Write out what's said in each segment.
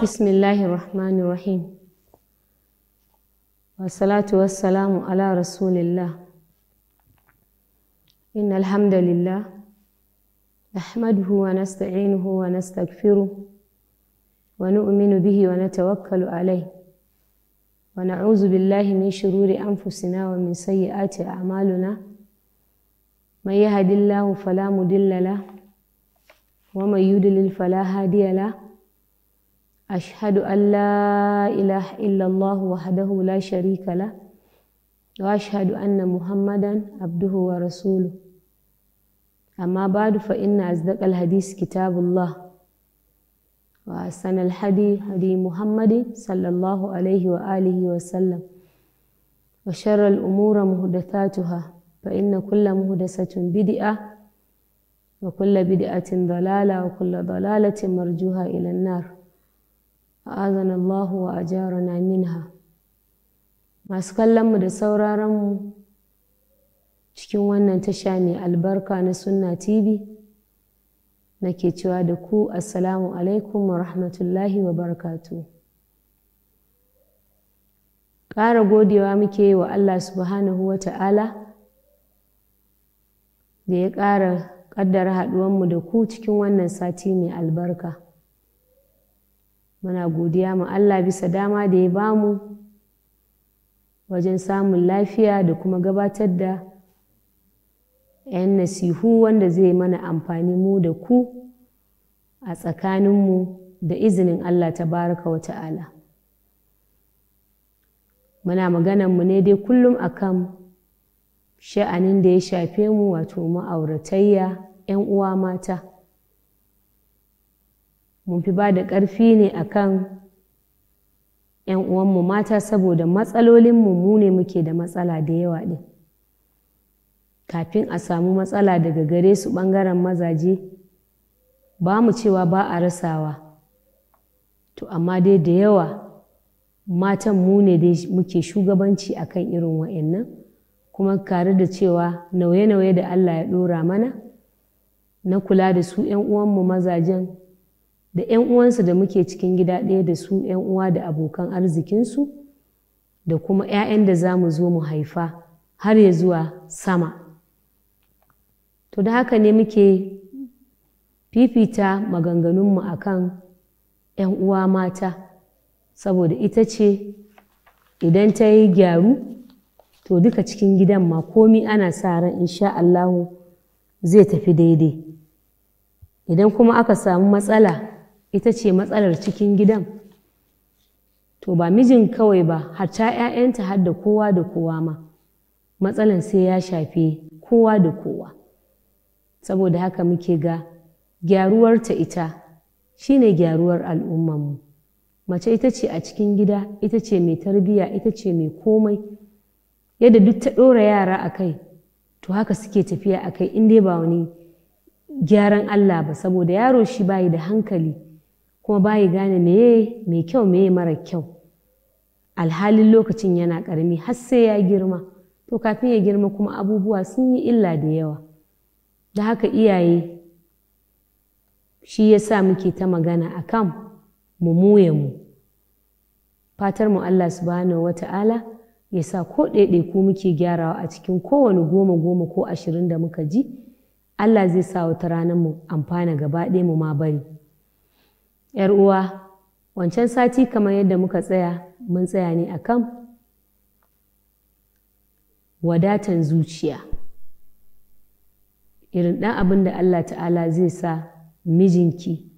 Bismillahirrahmanirrahim. Wassalatu wassalamu ala Rasulillah. Inna alhamdulillah. Nahmaduhu wa nasta'inuhu wa nasta'gfiru. Wa uminu bihi wa natawakkalu alai. Wa na'uzu billahi min shururi anfusina wa min sayyiati a'maluna. Man yahdihillahu fala mudilla lahu wa man yudlil fala hadiya أشهد أن لا إله إلا الله وحده لا شريك له وأشهد أن محمدا عبده ورسوله أما بعد فإن أصدق الحديث كتاب الله وأحسن الحدي هدي محمد صلى الله عليه وآله وسلم وشر الأمور مهدثاتها فإن كل مهدسة بدئة وكل بدئة ضلالة وكل ضلالة مرجوها إلى النار a'azana Allah wa ajarana minha masu kallon mu da sauraron mu cikin wannan tasha mai albarka na sunna tv ke cewa da ku assalamu alaikum wa rahmatullahi wa barakatu ƙara godewa muke wa allah subhanahu wa ta'ala da ya ƙara ƙaddara haɗuwanmu da ku cikin wannan sati mai albarka muna godiya ma Allah bisa dama da ya bamu wajen samun lafiya da kuma gabatar da 'yan nasihu wanda zai mana amfani mu da ku a tsakaninmu da izinin Allah ta baraka wa ta'ala muna maganarmu ne dai kullum akan sha'anin da ya shafe mu wato ma'auratayya 'yan uwa mata mun fi ba da ƙarfi ne akan ‘yan uwanmu mata saboda matsalolin mu ne muke da matsala da yawa ɗin kafin a samu matsala daga gare su ɓangaren mazaje ba mu cewa ba a rasawa to amma dai da yawa matan mu ne dai muke shugabanci a kan irin wa'annan kuma kare da cewa nauye-nauye da Allah ya ɗora mana na kula da su ‘yan uwanmu mazajen da 'yan uwansu da muke cikin gida ɗaya da su 'yan uwa da abokan arzikinsu da kuma 'ya'yan da za mu zo mu haifa har ya zuwa sama to da haka ne muke fifita maganganunmu a kan 'yan uwa mata saboda ita ce idan ta yi gyaru to duka cikin gidan ma komi ana sa ran in sha Allahu zai tafi daidai idan kuma aka samu matsala ita ce matsalar cikin gidan to ba mijin kawai ba hatta 'ya'yanta har da kowa da kowa ma matsalan sai ya shafi kowa da kowa saboda haka muke ga gyaruwar ta ita shine gyaruwar al'ummanmu mace ita ce a cikin gida ita ce mai tarbiyya ita ce mai komai yadda duk ta ɗora yara a kai to haka suke tafiya a kai in dai ba wani gyaran Allah ba saboda yaro shi bayi da hankali kuma bayi gane meye mai kyau meye mara kyau alhalin lokacin yana ƙarami har sai ya girma to kafin ya girma kuma abubuwa sun yi illa da yawa da haka iyaye shi ya sa muke ta magana a kan mu mu fatar mu Allah subhanahu wa ta'ala ya sa ko ku muke gyarawa a cikin kowane goma goma ko ashirin da muka ji Allah zai sa wata ranar mu amfana gaba ɗaya mu ma bari. 'yar uwa wancan sati kamar yadda muka tsaya mun tsaya ne a kan. wadatan zuciya irin ɗan abin da Allah ta'ala zai sa mijinki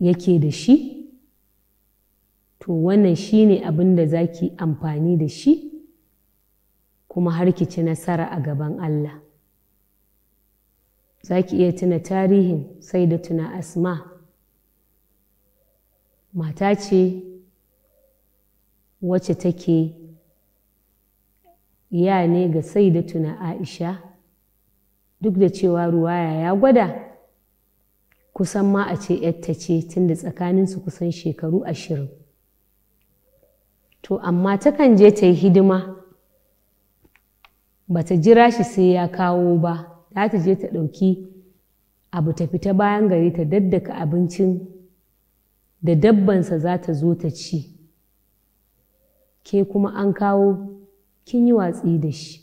yake da shi to wannan shi ne abin da za ki amfani da shi kuma har ki ci nasara a gaban Allah za ki iya tuna tarihin sai da tuna asma' mata ce wacce take ya ne ga sai da tuna aisha duk da cewa ruwaya ya gwada kusan ma a ce yatta ce tunda tsakaninsu kusan shekaru ashirin to amma takan je ta yi hidima ba ta jira shi sai ya kawo ba za ta je ta ɗauki abu ta fita bayan gari ta daddaka abincin da dabbansa za ta zo ta ci ke kuma an kawo kin yi watsi da shi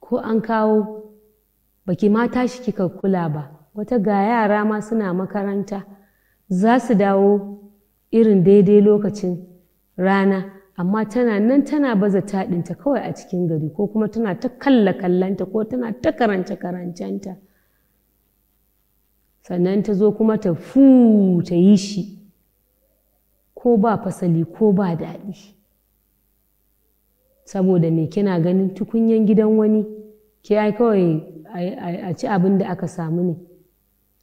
ko an kawo baki mata shi kika kula ba wata ga yara ma suna makaranta za su dawo irin daidai lokacin rana amma tana nan tana baza taɗinta kawai a cikin gari ko kuma tana ta kalla kallanta ko tana ta karance karancenta sannan ta zo kuma ta fu ta yi shi ko ba fasali ko ba daɗi saboda me kina ganin tukunyan gidan wani ke ai kawai a ci abin da aka samu ne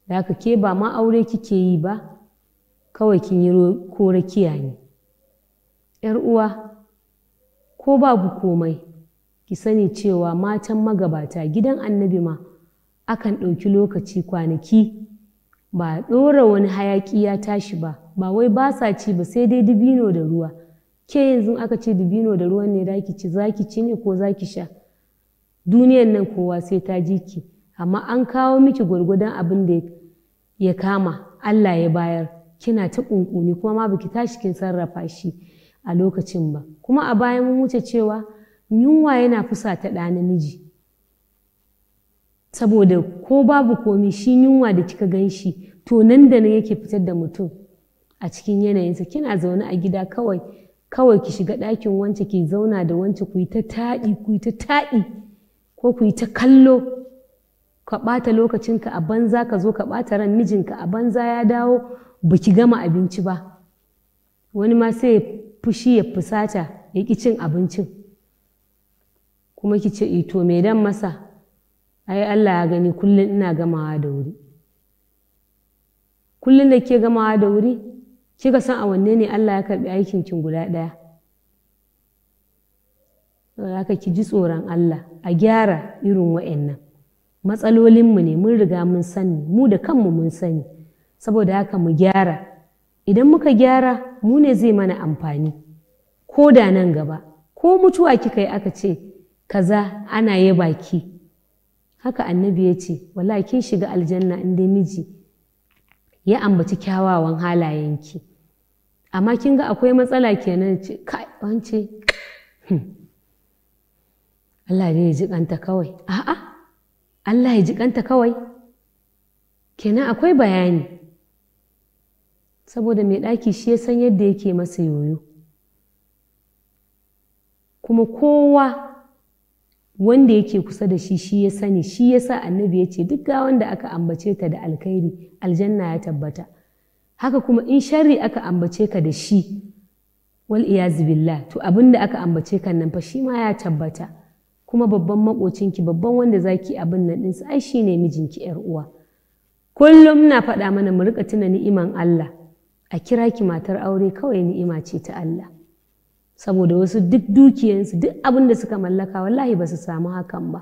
da aka ke ba ma aure kike yi ba kawai kin yi kora kiyaye ‘yar uwa ko babu komai ki sani cewa matan magabata gidan annabi ma akan ɗauki lokaci kwanaki ba ɗora wani hayaƙi ya tashi ba ba wai ba sa ci ba sai dai dubino da ruwa ke yanzu aka ce dubino da ruwan ne zaki ci zaki ci ne ko zaki sha duniyan nan kowa sai ta ji ki amma an kawo miki gwargwadon abin da ya kama Allah ya bayar kina ta ƙunƙuni kuma ma baki tashi kin sarrafa shi a lokacin ba kuma a baya mun wuce cewa yunwa yana fusa ta ɗa namiji saboda ko babu komi shi yunwa da kika gan shi to nan da nan yake fitar da mutum a cikin yanayinsa kina zaune a gida kawai kawai ki shiga ɗakin wance ki zauna da wance ku yi ta taɗi ku yi ta taɗi ko ku yi ta kallo ka ɓata lokacinka a banza ka zo ka ɓata ran mijinka a banza ya dawo ba ki gama abinci ba wani ma sai ya fushi ya fusata ya ƙi cin abincin kuma ki ce ito eh mai dan masa ai Allah ya gani kullum ina gamawa da wuri kullum da ke gamawa da wuri kika san a wanne ne Allah ya karbi aikin kin guda ɗaya haka ki ji tsoron Allah a gyara irin wa'annan matsalolinmu ne mun riga mun sani mu da kanmu mun sani saboda haka mu gyara idan muka gyara mu ne zai mana amfani ko da nan gaba ko mutuwa kika yi aka ce kaza ana yaba ki haka annabi ya ce wallahi kin shiga aljanna in miji ya ambaci kyawawan halayenki amma kin ga akwai matsala kenan ce kai wance hmm, Allah ne ya ji kanta kawai a'a Allah ya ji kanta kawai kenan akwai bayani saboda mai ɗaki shi ya san yadda yake masa yoyo kuma kowa wanda yake kusa da shi shi ya sani shi ya sa annabi ya ce duk gawan wanda aka ambace ta da alkhairi aljanna ya tabbata haka kuma in sharri aka ambace ka da shi wal iyazu billah to abinda aka ambace ka nan fa shi ma ya tabbata kuma babban makocinki babban wanda zaki abin nan ɗinsa ai shi ne mijinki yar uwa kullum na faɗa mana mu riƙa tuna ni'iman Allah a kira ki matar aure kawai ni'ima ce ta Allah saboda wasu duk dukiyansu duk abin da suka mallaka wallahi ba su samu hakan ba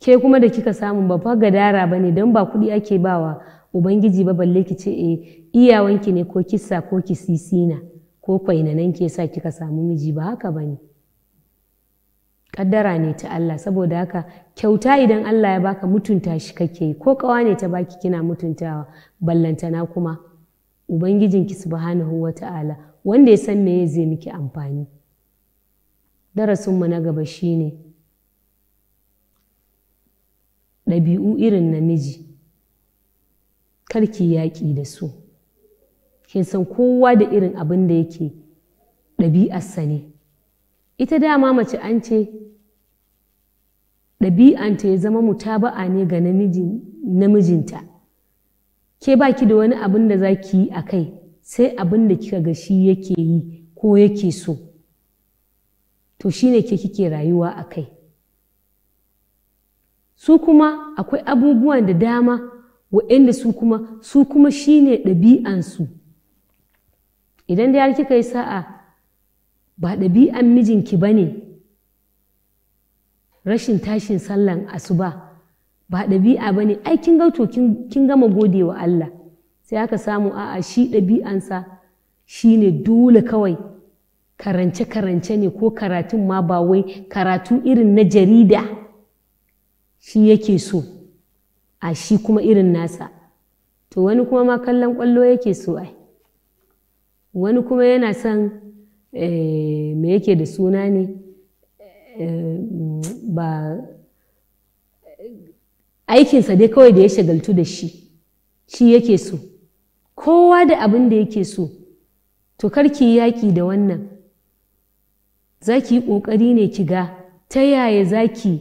ke kuma da kika samu ba fa gadara ba ne don ba kuɗi ake bawa ubangiji ba balle ki ce e iyawanki ne ko kisa ko ki sisina. ko kwainanan ke sa kika samu miji ba haka ba ne kaddara ne ta Allah saboda haka kyauta idan Allah ya baka mutunta shi kake ko kawa ne ta baki kina mutuntawa ballantana kuma ubangijinki subhanahu wata'ala wanda ya san meye zai miki amfani darasinmu na gaba shine ɗabi'u irin namiji karki yaƙi da su kin san kowa da irin abin da yake ɗabi'arsa ne ita dama mace an ce ɗabi'anta ya zama mutaba'a ne ga namijinta ke baki da wani abin da za ki yi a kai sai abin da kika ga shi yake yi ko yake so to shine ke kike rayuwa a kai su kuma akwai abubuwan da dama wa'anda su kuma su kuma shine ɗabi'ansu idan da kika yi sa'a ba ɗabi'an mijinki ba ne rashin tashin sallan asuba ba ɗabi'a ba ne ai kin kin gama gode wa Allah sai aka samu a'a shi ɗabi'ansa shi ne dole kawai karance-karance ne ko karatun ma ba wai karatu irin na jarida shi yake so a shi kuma irin nasa to wani kuma ma kallon ƙwallo yake so ai wani kuma yana son eh, me yake da suna ne eh, mm, ba aikinsa dai kawai da ya shagaltu da shi shi yake so kowa da abin da yake so to karki yaƙi da wannan za ki yi ƙoƙari ne ki ga ta yaya za ki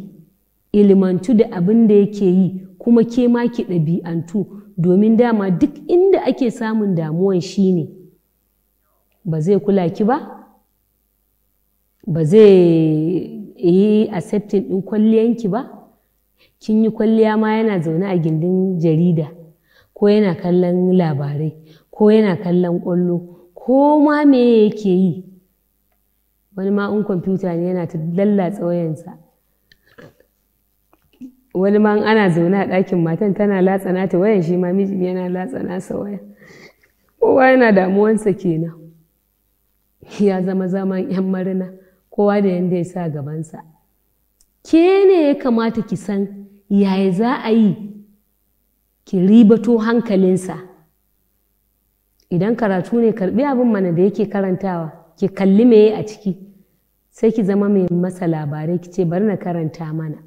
ilimantu da abin da yake yi kuma ke ma ki ɗabi'antu domin dama duk inda ake samun damuwan shi ne ba zai kula ki ba ba zai yi accepting ɗin kwalliyanki ba kin yi kwalliya ma yana zaune a gindin jarida ko yana kallon labarai ko yana kallon ƙwallo ko ma me yake yi wani ma in kwamfuta ne yana ta lallatsa wayansa wani ma ana zaune a ɗakin matan tana latsa nata wayan shi ma mijin yana latsa nasa waya kowa yana damuwansa kenan ya zama zaman yan marina kowa da yanda ya sa gabansa ke ne ya kamata ki san yaya za a yi ki ribato hankalinsa idan karatu ne karbi abin mana da yake karantawa ki kalli me a ciki sai ki zama mai masa labarai ki ce bari na karanta mana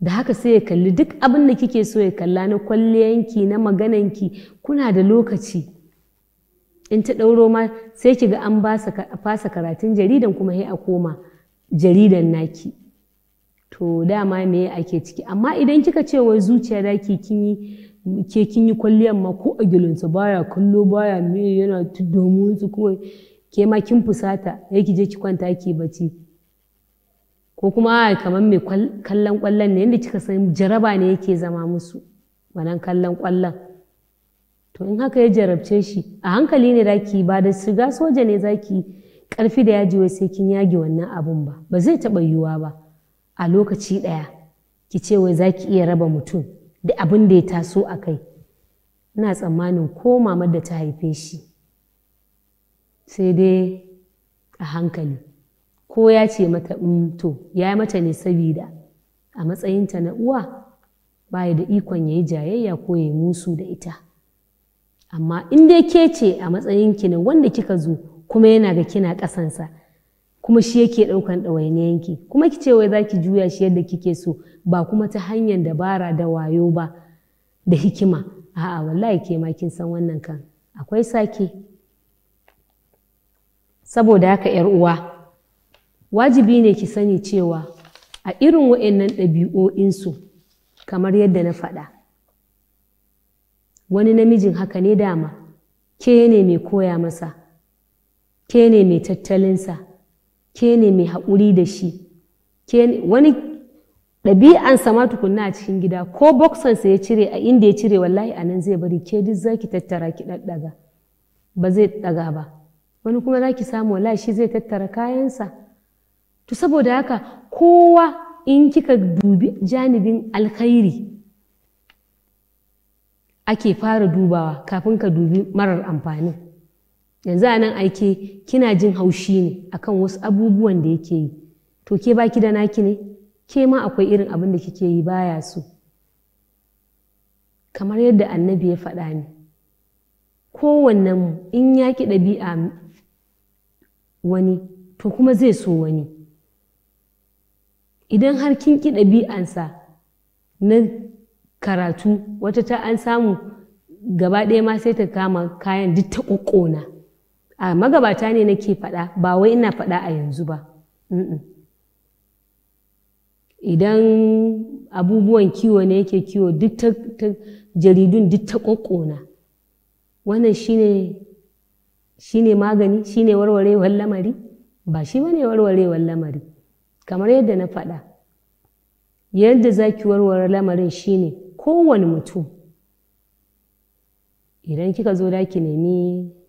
da haka sai ya kalli duk abin da kike so ya kalla na kwalliyanki na magananki kuna da lokaci in ta ɗauro ma sai ki ga an fasa karatun jaridan kuma sai a koma jaridan naki to dama me ake ciki amma idan kika ce wai zuciya da ke kinyi ke kin yi kwalliyar ma ko a gilinsa baya kallo baya me yana domin su kuma ke ma kin fusata ya ki je ki kwanta ki bacci ko kuma kamar mai kallon kwallon ne yadda kika san jaraba ne yake zama musu wannan kallon kwallon to in haka ya jarabce shi a hankali ne ki ba da shiga soja ne zaki karfi da yaji wai sai kin yage wannan abun ba ba zai taɓa yiwuwa ba a lokaci ɗaya ki ce wai za ki iya raba mutum da abin da ya taso a kai ina tsammanin ko mamar da ta haife shi sai dai a hankali ko ya ce mata mm, to ya yi mata ne sabida a matsayinta na uwa Ba da ikon ya yi jayayya ko ya yi musu da ita amma in dai ke ce a matsayinki na wanda kika zo kuma yana ga kina ƙasansa kuma shi yake ɗaukan ɗawainiyanki kuma ki ce wai za ki juya shi yadda kike so ba kuma ta hanyar dabara da wayo ba da hikima a'a wallahi ke ma kin san wannan kan akwai sake saboda haka yar uwa wajibi ne ki sani cewa a irin wa'annan ɗabi'o'insu kamar yadda na faɗa wani namijin haka ne dama ke ne mai koya masa ke ne mai tattalinsa ke ne mai haƙuri da shi wani ɗabi'ansa ma tukunna a cikin gida ko boksansa ya cire a inda ya cire wallahi a zai bari ke duk za ki tattara ki ɗaɗɗaga ba zai ɗaga ba wani kuma za ki samu wallahi shi zai tattara kayansa to saboda haka kowa in kika dubi janibin alkhairi ake fara dubawa kafin ka dubi marar amfanin yanzu a nan aike kina jin haushi ne akan wasu abubuwan da yake yi to ke baki da naki ne ke ma akwai irin abin da kike yi baya so kamar yadda annabi ya faɗa ne mu in ya ki ɗabi'a wani to kuma zai so wani idan har kin ki ɗabi'ansa na karatu wata ta an samu gaba ɗaya ma sai ta kama kayan duk ta ƙoƙona. a magabata ne nake faɗa ba wai ina faɗa a yanzu ba idan abubuwan kiwo ne yake kiwo duk ta jaridun duk ta ƙoƙona wannan shine magani shine warwarewar lamari ba shi bane warwarewar lamari kamar yadda na faɗa yadda za ki warware lamarin shine kowane mutum idan kika zo da ki nemi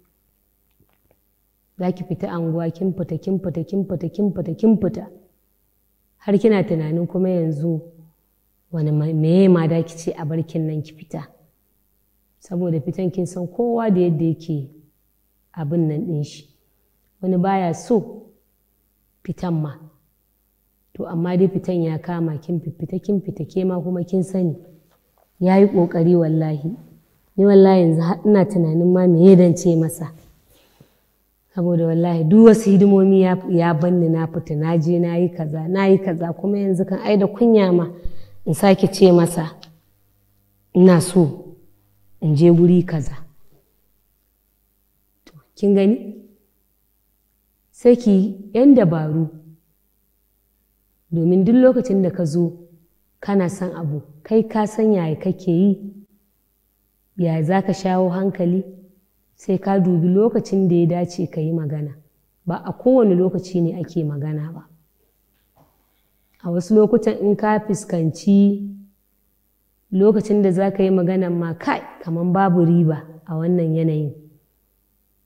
za ki fita anguwa kin fita kin fita kin fita kin fita kin fita har kina tunanin kuma yanzu wani meye ma da ki ce a barkin nan ki fita saboda fitan kin san kowa da yadda yake abin nan ɗin shi wani baya so fitan ma to amma dai fitan ya kama kin fita kin fita ke ma kuma kin sani ya yi ƙoƙari wallahi ni wallahi yanzu ina tunanin ma me ya ce masa saboda wallahi duk wasu hidimomi ya banni na fita na je na yi kaza na yi kaza kuma yanzu kan ai da kunya ma in sake ce masa ina so in je guri kaza to kin gani saki yan dabaru domin duk lokacin da ka zo kana san abu kai ka san yaya kake yi ya za ka shawo hankali sai ka dubi lokacin da ya dace ka yi magana ba a kowane lokaci ne ake magana ba a wasu lokutan in ka fuskanci lokacin da za ka yi maganan ma kai kamar babu riba a wannan yanayin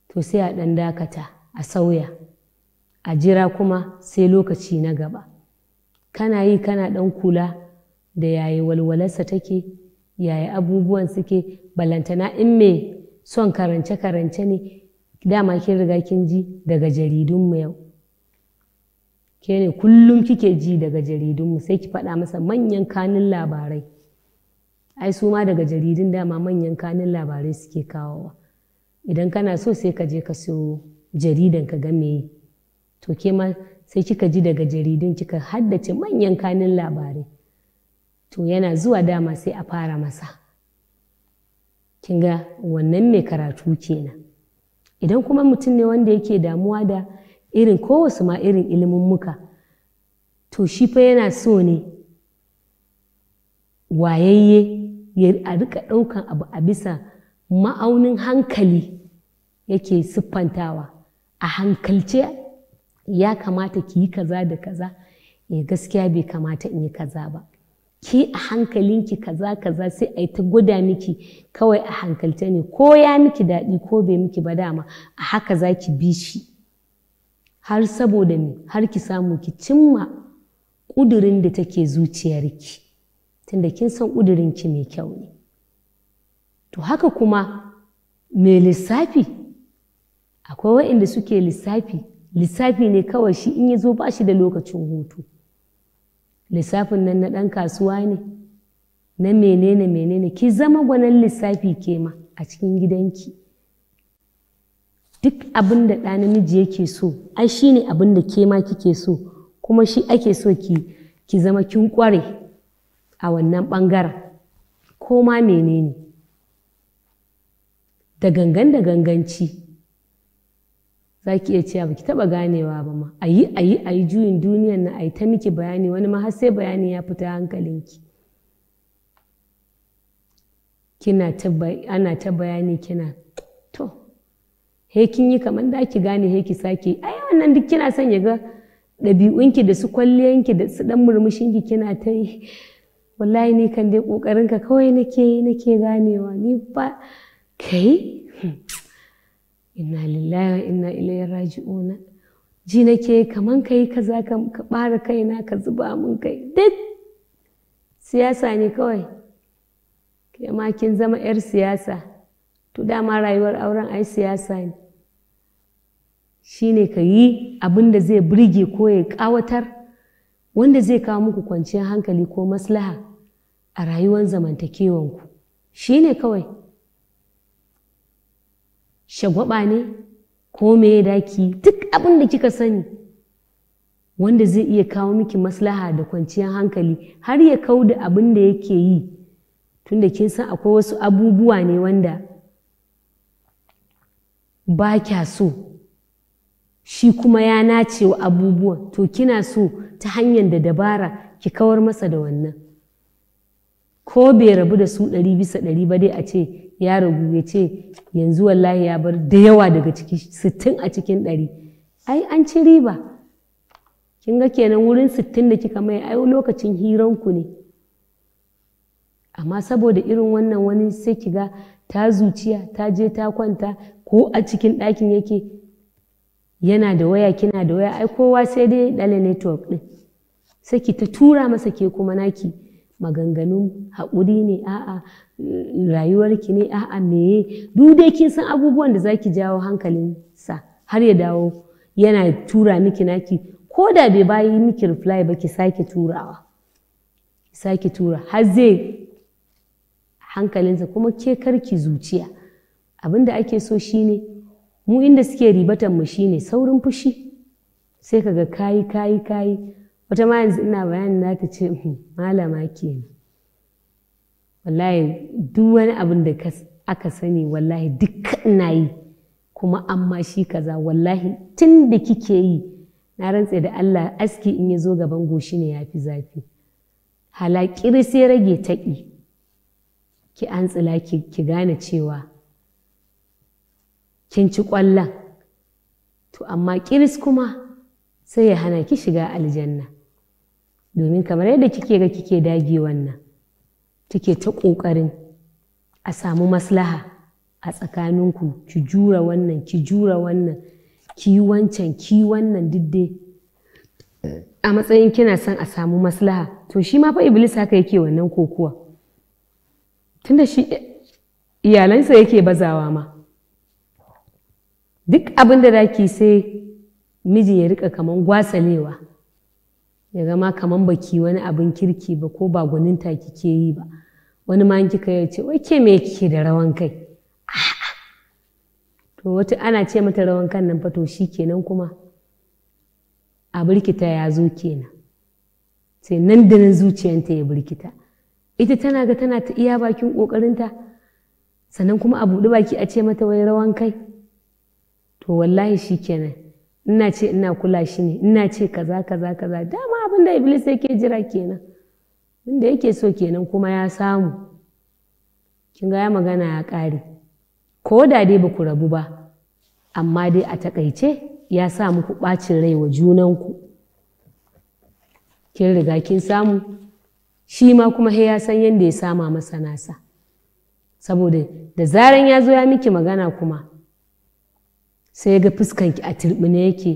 to sai a ɗan dakata a sauya a jira kuma sai lokaci na gaba kana yi kana ɗan kula da yayi walwalarsa take yayi abubuwan suke balantana in me son karance-karance ne dama kin riga kin ji daga jaridunmu yau ke ne kullum kike ji daga jaridunmu sai ki faɗa masa manyan kanin labarai ai su ma daga jaridun dama manyan kanin labarai suke kawowa idan kana so sai ka je ka so jaridan ka ga me to ke ma sai kika ji daga jaridun kika haddace manyan kanin labarai to yana zuwa dama sai a fara masa kin ga wannan mai karatu kenan idan kuma mutum ne wanda yake damuwa da irin kowace ma irin ilimin muka to shi fa yana so ne wayayye ya rika ɗaukan abu a bisa ma'aunin hankali yake siffantawa a hankalce ya kamata ki yi kaza da kaza eh, gaskiya bai kamata in yi kaza ba Ki a hankalinki kaza kaza sai a yi ta gwada miki kawai a hankalta ne ko ya miki daɗi ko bai miki ba dama a haka za ki bi shi har saboda ni har ki samu ki cimma ƙudurin da take zuciyarki tunda kin san ƙudurinki mai kyau ne to haka kuma mai lissafi akwai waɗanda suke lissafi lissafi ne kawai shi in ya zo ba shi da lokacin hutu lissafin nan na ɗan kasuwa ne na menene menene ki zama gwanan lissafi ke ma a cikin gidanki duk abin da ɗa namiji yake so ai shi ne abin da ke ma kike so kuma shi ake so ki ki zama kin kware a wannan ɓangaren ko ma menene da gangan da ganganci za ki iya cewa baki taba ganewa ba ma a yi a yi a yi juyin duniyan na a yi ta miki bayani wani ma har sai bayani ya fita hankalinki kina ta ana ta bayani kina to he kin yi kaman da ki gane he ki sake ai wannan duk kina son ya ga ɗabi'unki da su kwalliyanki da su dan murmushinki kina ta yi wallahi ni kan dai ƙoƙarinka kawai nake nake ganewa ni ba kai hmm. inna lillahi wa inna ilaihi raji'una ji nake kaman kai kaza ka bara kaina ka zuba mun kai duk siyasa ne kawai kai ma kin zama yar siyasa to dama rayuwar auren ai siyasa ne shine ka yi abin zai burge ko ya kawatar wanda zai kawo muku kwanciyar hankali ko maslaha a rayuwar zamantakewanku shine kawai shagwaba ne ko me ya daki duk abin da kika sani wanda zai iya kawo miki maslaha da kwanciyar hankali har ya kau da abin da yake yi tunda kin san akwai wasu abubuwa ne wanda ba kya so shi kuma ya nace wa abubuwan to kina so ta hanyar da dabara ki kawar masa da wannan ko bai rabu da su ɗari bisa ɗari ba dai a ce ya ragu ya ce yanzu wallahi ya bar da yawa daga ciki sittin a cikin ɗari ai an ci riba kin ga kenan wurin sittin da kika mai ai lokacin ku ne amma saboda irin wannan wani sai ki ga ta zuciya ta je ta kwanta ko a cikin ɗakin yake yana da waya kina da waya ai kowa sai dai ɗale network ɗin sai ki ta tura masa ke kuma naki maganganun haƙuri ne a'a rayuwarki ne a'a meye duk dai kin san abubuwan da zaki jawo hankalin sa har ya dawo yana tura miki naki ko da bai bayi miki reply ba ki sake turawa sake tura har zai hankalinsa kuma ke karki zuciya abin da ake so shine mu inda suke ribatan mu shine saurin fushi sai kaga kayi kayi kayi wata ma yanzu ina bayanin za ta ce uhm, malama ke wallahi duk wani abin da aka sani wallahi duk ina yi kuma amma shi kaza wallahi tun da kike yi na rantse da Allah aski in ya zo gaban goshi ne ya fi zafi halakir sai rage taƙi ki an tsila ki gane cewa kin ci ƙwallon to amma ƙiris kuma sai ya hana ki shiga aljanna domin kamar yadda kike ga kike dage wannan kike ta ƙoƙarin a samu maslaha a tsakaninku ki jura wannan ki jura wannan ki wancan ki wannan didde a matsayin kina son a samu maslaha to shi ma fa iblis haka yake wannan kokuwa tunda shi iyalansa yake bazawa ma duk abin da zaki sai miji ya rika kaman gwasalewa ya gama kamar baki wani abin kirki ba ko ba gwaninta kike yi ba wani ma kika ya wai ke me kike da rawan kai to wata ana ce mata rawan kan nan fa to kenan kuma a birkita ya zo kenan sai nan da nan zuciyanta ya birkita ita tana ga tana ta iya bakin ƙoƙarinta sannan kuma a buɗe baki a ce mata wai rawan kai to wallahi shikenan ina ce ina kula shi ne ina ce kaza kaza kaza dama abin da iblis yake jira kenan inda yake so kenan kuma ya samu kin ga ya magana ya ƙare ko da dai ba ku rabu ba amma dai a takaice ya sa muku ɓacin rai wa junanku kin riga kin samu shi ma kuma ya san yadda ya sama masa nasa saboda da zaran ya zo ya miki magana kuma sai ga fuskanki a turɓine yake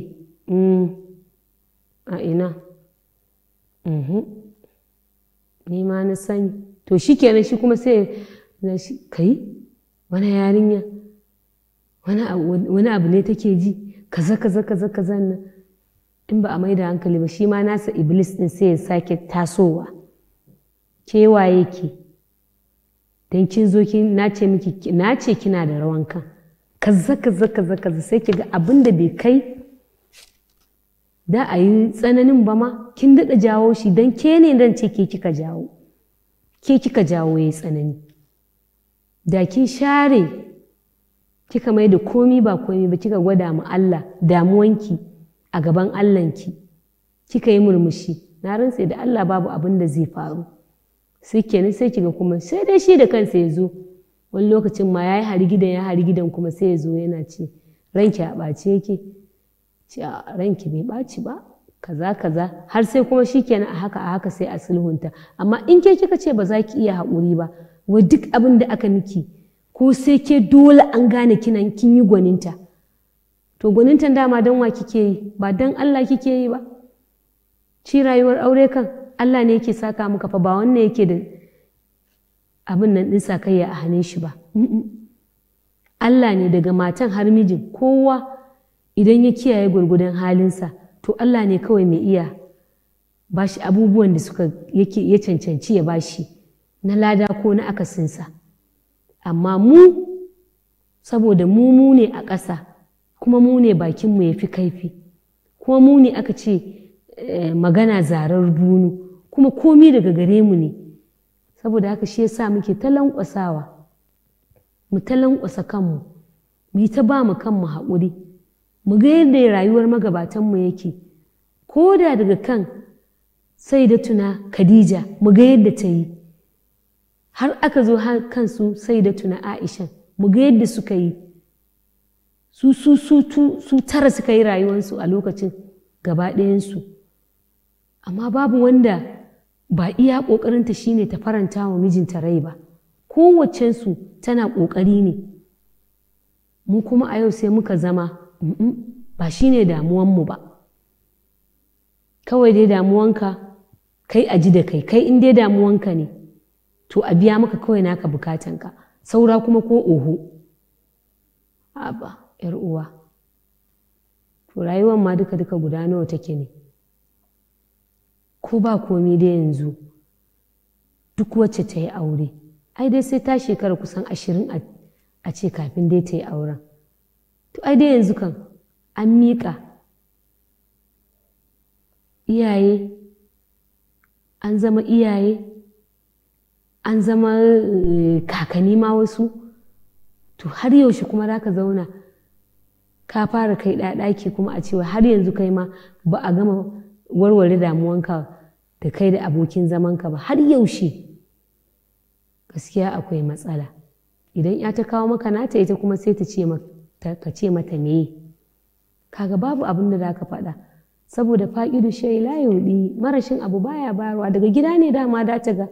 mm, a ina mhm. ni ma na sani to shi kenan shi kuma sai na shi kai wani yarinya wani abu ne take ji kaza kaza kaza kaza nan in ba a mai da hankali ba shi ma nasa iblis din sai ya sake tasowa kewaye ki don kin zo na ce kina da rawan kan kaza kaza kaza kaza sai ki ga abin da bai kai da ayi tsananin ba ma kin daɗa jawo shi don ke ne dan ce ke kika jawo ke kika jawo ya tsanani da kin share kika mai da komi ba komi ba kika gwada mu Allah damuwanki a gaban ki. kika yi murmushi na rantse da Allah babu abin da zai faru sai kenan sai kiga kuma sai dai shi da kansa ya zo wani lokacin ma ya yi harigidan ya harigidan kuma sai ya zo yana ce ranki a ɓace yake ce ranki bai ɓaci ba kaza kaza har sai kuma shikenan a haka a haka sai a sulhunta amma in ke kika ce ba za ki iya haƙuri ba wa duk abin da aka miki ko sai ke dole an gane kinan kin yi gwaninta to gwaninta dama dan wa kike yi ba don Allah kike yi ba ci rayuwar aure kan Allah ne yake saka maka fa ba wannan yake da abin nan ɗin sakayya a hannun shi ba Allah ne daga matan har mijin kowa idan ya kiyaye gwargwadon halinsa to Allah ne kawai mai iya bashi abubuwan da suka yake ya cancanci ya bashi na lada ko na akasinsa amma mu saboda mu mu ne a ƙasa kuma mu ne bakinmu ya fi kaifi kuma mu ne aka ce eh, magana zarar bunu kuma komi daga gare mu ne saboda haka shi yasa muke ta mu ta kanmu mu yi ta ba mu kanmu haƙuri mu ga yadda rayuwar magabatanmu yake ko da daga kan sai da tuna khadija mu ga yadda ta yi har aka zo har kansu sai da tuna aisha mu ga yadda suka yi su su su su tara suka yi rayuwarsu a lokacin gaba ɗayansu amma babu wanda ba iya ƙoƙarinta shine ta faranta wa mijinta rai ba kowaccensu tana ƙoƙari ne mu kuma a yau sai muka zama Ba shi ba shine damuwanmu ba kawai dai damuwanka kai a ji da kai kai in dai damuwanka ne to a biya maka kawai naka ka. saura kuma ko oho Aba, 'yar uwa to rayuwar ma duka duka guda nawa take ne ko ba komi da yanzu duk wacce ta yi aure ai dai sai ta shekara kusan ashirin a ce kafin dai ta yi auren to ai dai yanzu kan an miƙa iyaye an zama iyaye an zama eh, kakanni ma wasu to har yaushe kuma za ka zauna ka fara kai ɗaki kuma a cewa har yanzu kai ma ba a gama warware damuwanka da kai da abokin zamanka ba har yaushe gaskiya akwai matsala idan ya ta kawo maka nata ita kuma sai ta ce ka ce mata me kaga babu abin da zaka faɗa saboda fa'idu shay la yudi marashin abu baya bayarwa daga gida ne dama da ta ga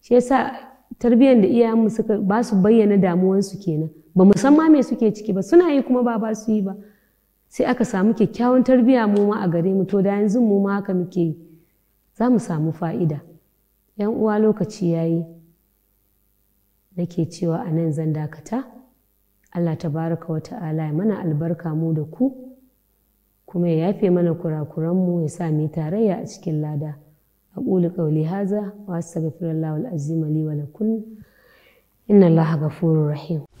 shi yasa tarbiyyar da iyayen mu suka ba su bayyana damuwansu kenan ba mu san ma me suke ciki ba suna yi kuma ba ba su yi ba sai aka samu kyakkyawan tarbiyya mu ma a gare mu to da yanzu mu ma haka muke yi za mu samu fa'ida yan uwa lokaci ya yi nake cewa a nan zan dakata allah tabaraka wa ta'ala ya mana albarka mu da ku kuma ya yafe mana kurakuran mu ya sa mu tarayya a cikin lada أقول قولي هذا وأستغفر الله العظيم لي ولكم إن الله غفور رحيم